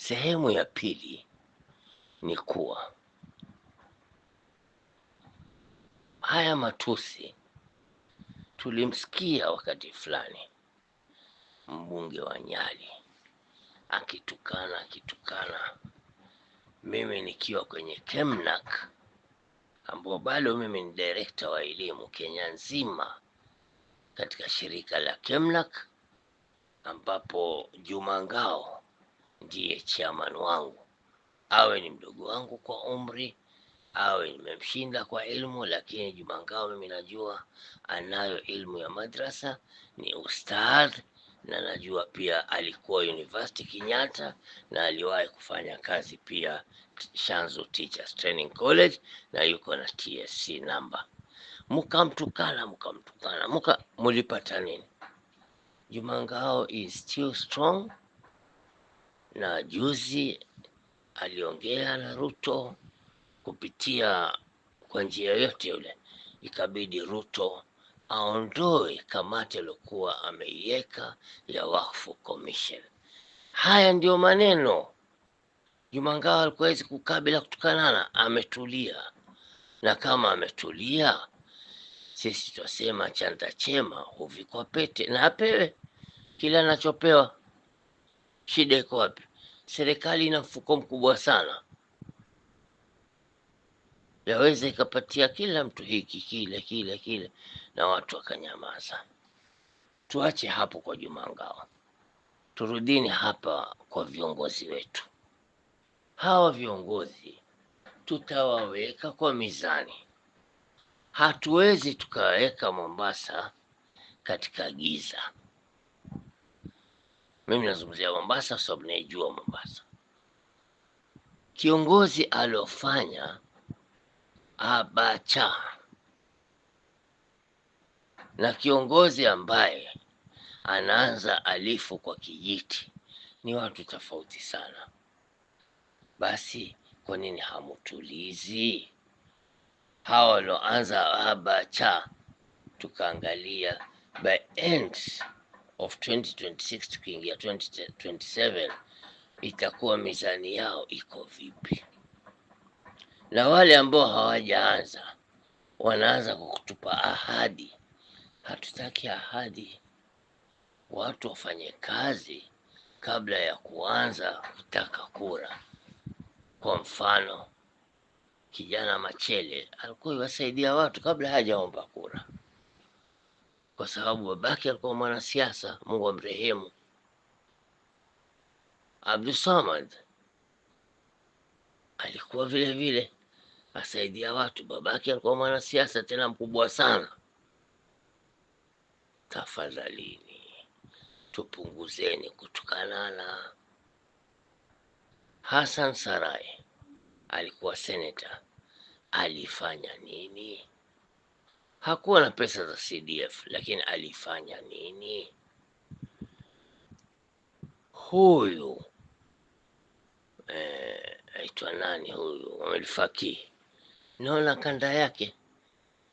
Sehemu ya pili ni kuwa haya matusi tulimsikia wakati fulani mbunge wa Nyali akitukana akitukana, mimi nikiwa kwenye Kemnak ambao bado mimi ni direkta wa elimu Kenya nzima katika shirika la Kemnak ambapo Juma Ngao ndiye chairman wangu, awe ni mdogo wangu kwa umri, awe nimemshinda kwa ilmu, lakini Juma Ngao mimi najua anayo ilmu ya madrasa, ni ustadh na najua pia alikuwa University Kenyatta na aliwahi kufanya kazi pia Shanzu Teachers Training College na yuko na TSC namba. Mkamtukana, mkamtukana, muka mulipata nini? Juma Ngao is still strong na juzi aliongea na Ruto kupitia kwa njia yote yule, ikabidi Ruto aondoe kamati aliyokuwa ameiweka ya Wakfu Commission. Haya ndiyo maneno Jumangawa alikuwezi kukaa bila kutukanana. Ametulia, na kama ametulia, sisi twasema chanda chema huvikwa pete, na apewe kila anachopewa. Shida iko wapi? serikali ina mfuko mkubwa sana, yaweza ikapatia kila mtu hiki kile kile kile, na watu wakanyamaza. Tuache hapo kwa jumangao turudini hapa kwa viongozi wetu. Hawa viongozi tutawaweka kwa mizani. Hatuwezi tukaweka Mombasa katika giza. Mimi nazungumzia Mombasa kwa sababu naijua Mombasa. Kiongozi aliofanya Abacha na kiongozi ambaye anaanza alifu kwa kijiti ni watu tofauti sana. Basi kwa nini hamutulizi hawa walioanza Abacha? Tukaangalia by end of 2026 tukiingia 2027 itakuwa mizani yao iko vipi, na wale ambao hawajaanza wanaanza kwa kutupa ahadi. Hatutaki ahadi, watu wafanye kazi kabla ya kuanza kutaka kura. Kwa mfano, kijana Machele alikuwa iwasaidia watu kabla hajaomba kura kwa sababu babake alikuwa mwanasiasa, Mungu amrehemu. samad alikuwa vile vile asaidia watu, babake alikuwa mwanasiasa tena mkubwa sana. Tafadhalini tupunguzeni kutukanana. Hassan Sarai alikuwa seneta, alifanya nini? hakuwa na pesa za CDF, lakini alifanya nini? Huyu eh, aitwa nani huyu Omar naona kanda yake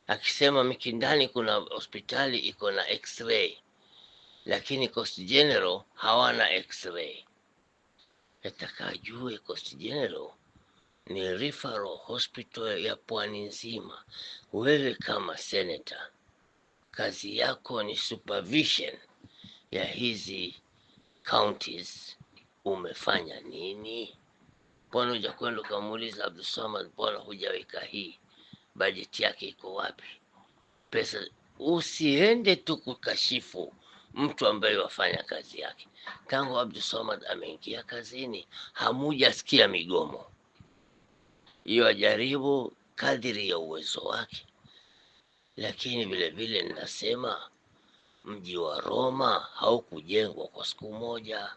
akisema Mikindani kuna hospitali iko na x-ray lakini Coast General hawana x-ray. Nataka ajue Coast General ni referral hospital ya pwani nzima. Wewe kama senator, kazi yako ni supervision ya hizi counties. Umefanya nini? Mbona hujakwenda ukamuuliza Abdulswamad, mbona hujaweka hii bajeti yake iko wapi? Pesa usiende tu kukashifu mtu ambaye wafanya kazi yake. Tangu Abdulswamad ameingia kazini, hamujasikia migomo yuwajaribu kadiri ya uwezo wake, lakini vile vile ninasema mji wa Roma haukujengwa kwa siku moja.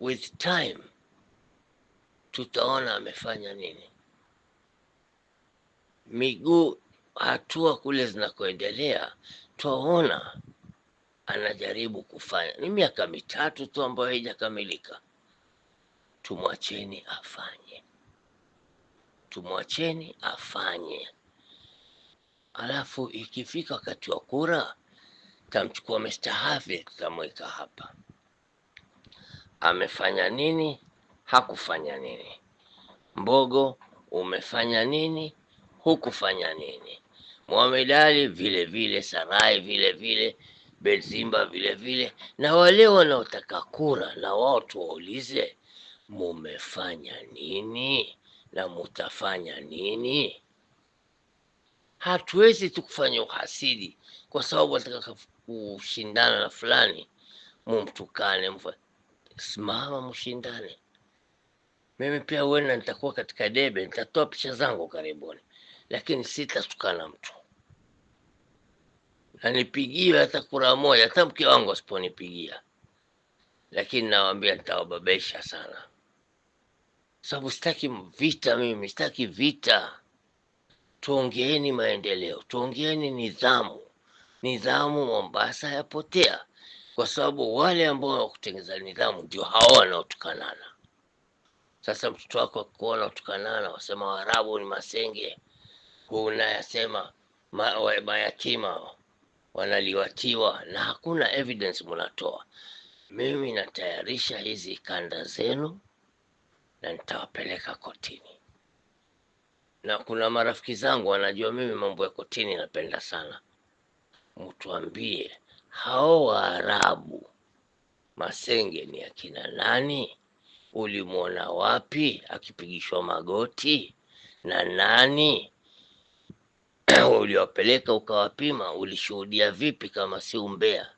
With time tutaona amefanya nini. Miguu hatua kule zinakoendelea, twaona anajaribu kufanya. Ni miaka mitatu tu ambayo haijakamilika, tumwacheni afanye tumwacheni afanye, alafu ikifika wakati wa kura tamchukua Mr. Harvey tutamweka hapa, amefanya nini, hakufanya nini, Mbogo umefanya nini, hukufanya nini, Mohamed Ali vile vile, Sarai vile vile, Bezimba vile vile, na wale wanaotaka kura na wao tuwaulize mumefanya nini? na mutafanya nini? Hatuwezi tu kufanya uhasidi kwa sababu wataka kushindana na fulani, mumtukane mfa. Simama mshindane. Mimi pia huenda nitakuwa katika debe, nitatoa picha zangu karibuni, lakini sitatukana mtu nanipigiwe hata kura moja, hata mke wangu asiponipigia, lakini nawaambia nitawababaisha sana sababu sitaki vita mimi, sitaki vita. Tuongeeni maendeleo, tuongeeni nidhamu. Nidhamu Mombasa yapotea, kwa sababu wale ambao wakutengeza nidhamu ndio hawa wanaotukanana. Sasa mtoto wako akikuona utukanana, wasema Waarabu ni masenge, huu naye asema ma, mayatima wanaliwatiwa, na hakuna evidence munatoa. Mimi natayarisha hizi kanda zenu na nitawapeleka kotini. Na kuna marafiki zangu wanajua mimi mambo ya kotini napenda sana, mtuambie hao Waarabu Masenge ni akina nani? Ulimwona wapi akipigishwa magoti na nani? Uliwapeleka ukawapima, ulishuhudia vipi kama si umbea?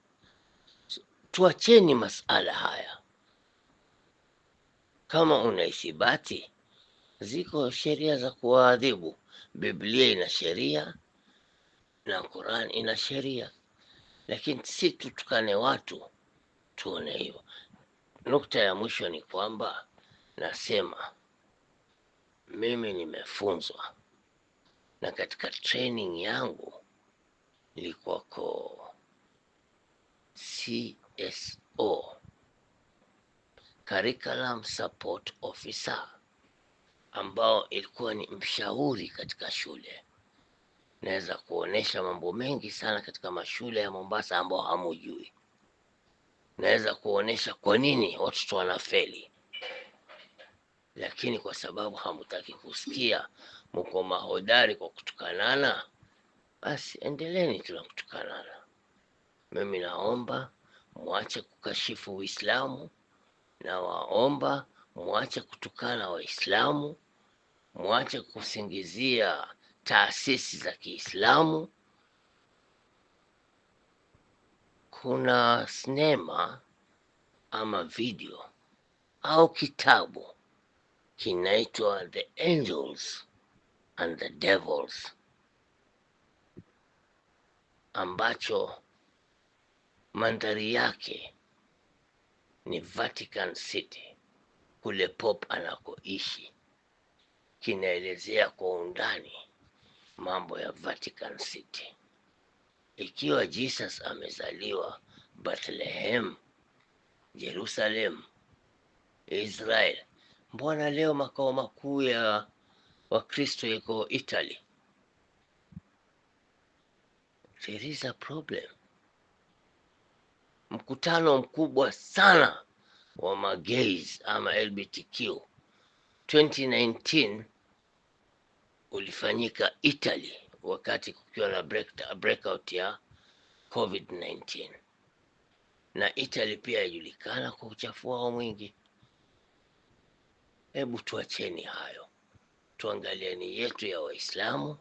Tuacheni masala haya. Kama unaithibati, ziko sheria za kuwaadhibu. Biblia ina sheria na Qur'an ina sheria, lakini si tutukane watu tuone hivyo. Nukta ya mwisho ni kwamba nasema mimi nimefunzwa na katika training yangu nilikuwako CSO curriculum support officer ambao ilikuwa ni mshauri katika shule. Naweza kuonesha mambo mengi sana katika mashule ya Mombasa ambao hamujui. Naweza kuonesha kwa nini watoto wanafeli, lakini kwa sababu hamutaki kusikia, mko mahodari kwa kutukanana, basi endeleeni tu kutukanana. Mimi naomba mwache kukashifu Uislamu nawaomba mwache kutukana Waislamu, mwache kusingizia taasisi za Kiislamu. Kuna sinema ama video au kitabu kinaitwa The Angels and the Devils ambacho mandhari yake ni Vatican City kule pop anakoishi. Kinaelezea kwa undani mambo ya Vatican City. Ikiwa Jesus amezaliwa Bethlehem, Jerusalem, Israel, mbona leo makao makuu ya Wakristo yako Italy? There is a problem mkutano mkubwa sana wa magays ama LBTQ 2019 ulifanyika Italy wakati kukiwa na breakout ya COVID-19 na Italy pia ijulikana kwa uchafu wao mwingi. Hebu tuacheni hayo, tuangalieni yetu ya Waislamu,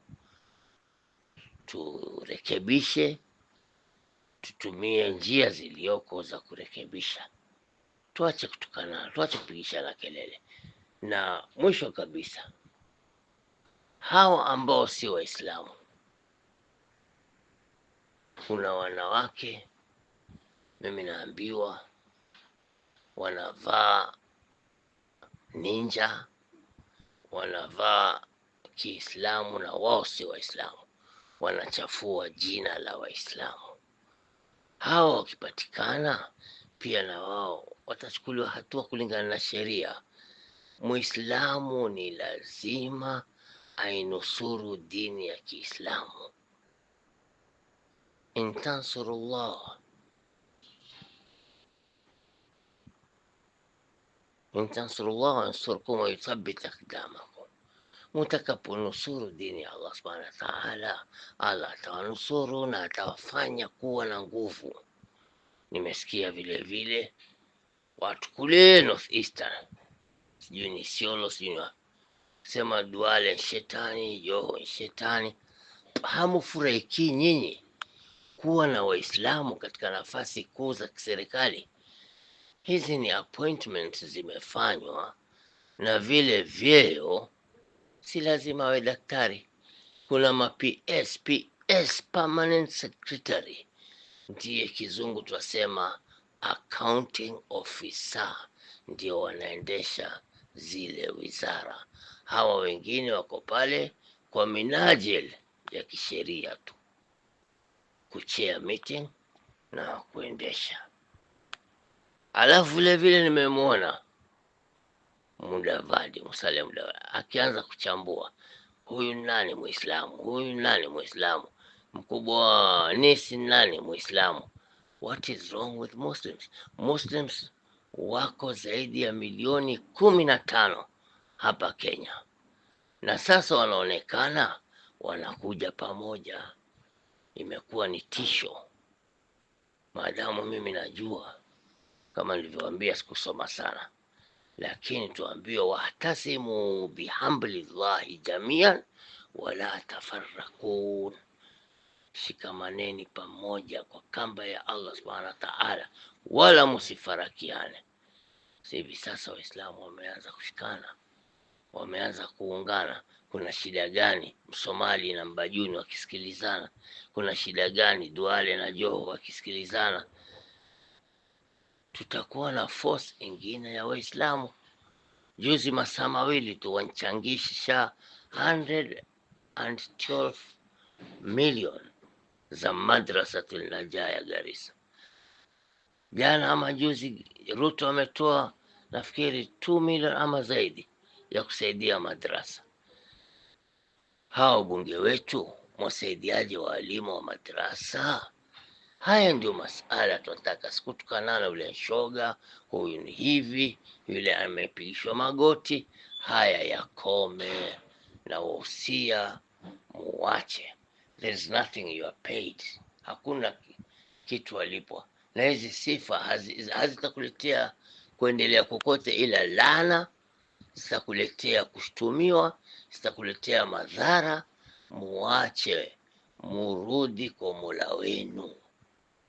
turekebishe tutumie njia zilioko za kurekebisha, tuache kutukana, tuache kupigishana kelele. Na mwisho kabisa, hawa ambao si Waislamu, kuna wanawake mimi naambiwa wanavaa ninja, wanavaa Kiislamu na wao si Waislamu, wanachafua jina la Waislamu. Hao wakipatikana pia na wao watachukuliwa hatua kulingana na sheria. Muislamu ni lazima ainusuru dini ya Kiislamu. intansurullah intansurullah in tansurullah yansurkum wa yuthabbit akdamakum mtakaponusuru dini ya Allah subhanahu wa ta'ala, Allah atawanusuru na atawafanya kuwa na nguvu. Nimesikia vile vile watu kule North Eastern, sijui ni Isiolo, sijui sema Duale shetani, Joho shetani, hamufurahiki nyinyi kuwa na Waislamu katika nafasi kuu za kiserikali. Hizi ni appointments zimefanywa na vile vyeo si lazima awe daktari. Kuna ma PS, permanent secretary, ndiye kizungu twasema accounting officer, ndio wanaendesha zile wizara. Hawa wengine wako pale kwa minajel ya kisheria tu, kuchea meeting na kuendesha. Alafu vilevile nimemwona Mudavadi Musalia Mudavadi akianza kuchambua huyu nani Muislamu, huyu nani Muislamu, mkubwa wa nesi nani Muislamu. What is wrong with Muslims? Muslims wako zaidi ya milioni kumi na tano hapa Kenya, na sasa wanaonekana wanakuja pamoja. Imekuwa ni tisho, maadamu mimi najua, kama nilivyowaambia, sikusoma sana lakini tuambiwa wahtasimu bihamblillahi jamian wala tafarakun, shikamaneni pamoja kwa kamba ya Allah subhanahu wa ta'ala, wala musifarakiane. Hivi sasa Waislamu wameanza kushikana, wameanza kuungana. Kuna shida gani? Msomali na Mbajuni wakisikilizana, kuna shida gani? Duale na Joho wakisikilizana, tutakuwa na force ingine ya Waislamu. Juzi masaa mawili tu wanchangisha 112 million za Madrasatul Najaya Garissa. Jana ama juzi Ruto ametoa nafikiri 2 million ama zaidi ya kusaidia madrasa. Hao bunge wetu mwasaidiaje waalimu wa madrasa? Haya ndio masala tunataka, sikutukanana, yule shoga huyu ni hivi, yule amepigishwa magoti. Haya yakome, na wahusia muwache. There is nothing you are paid, hakuna kitu alipwa, na hizi sifa hazitakuletea hazi kuendelea kokote, ila lana zitakuletea kushtumiwa, zitakuletea madhara. Muwache murudi kwa Mola wenu.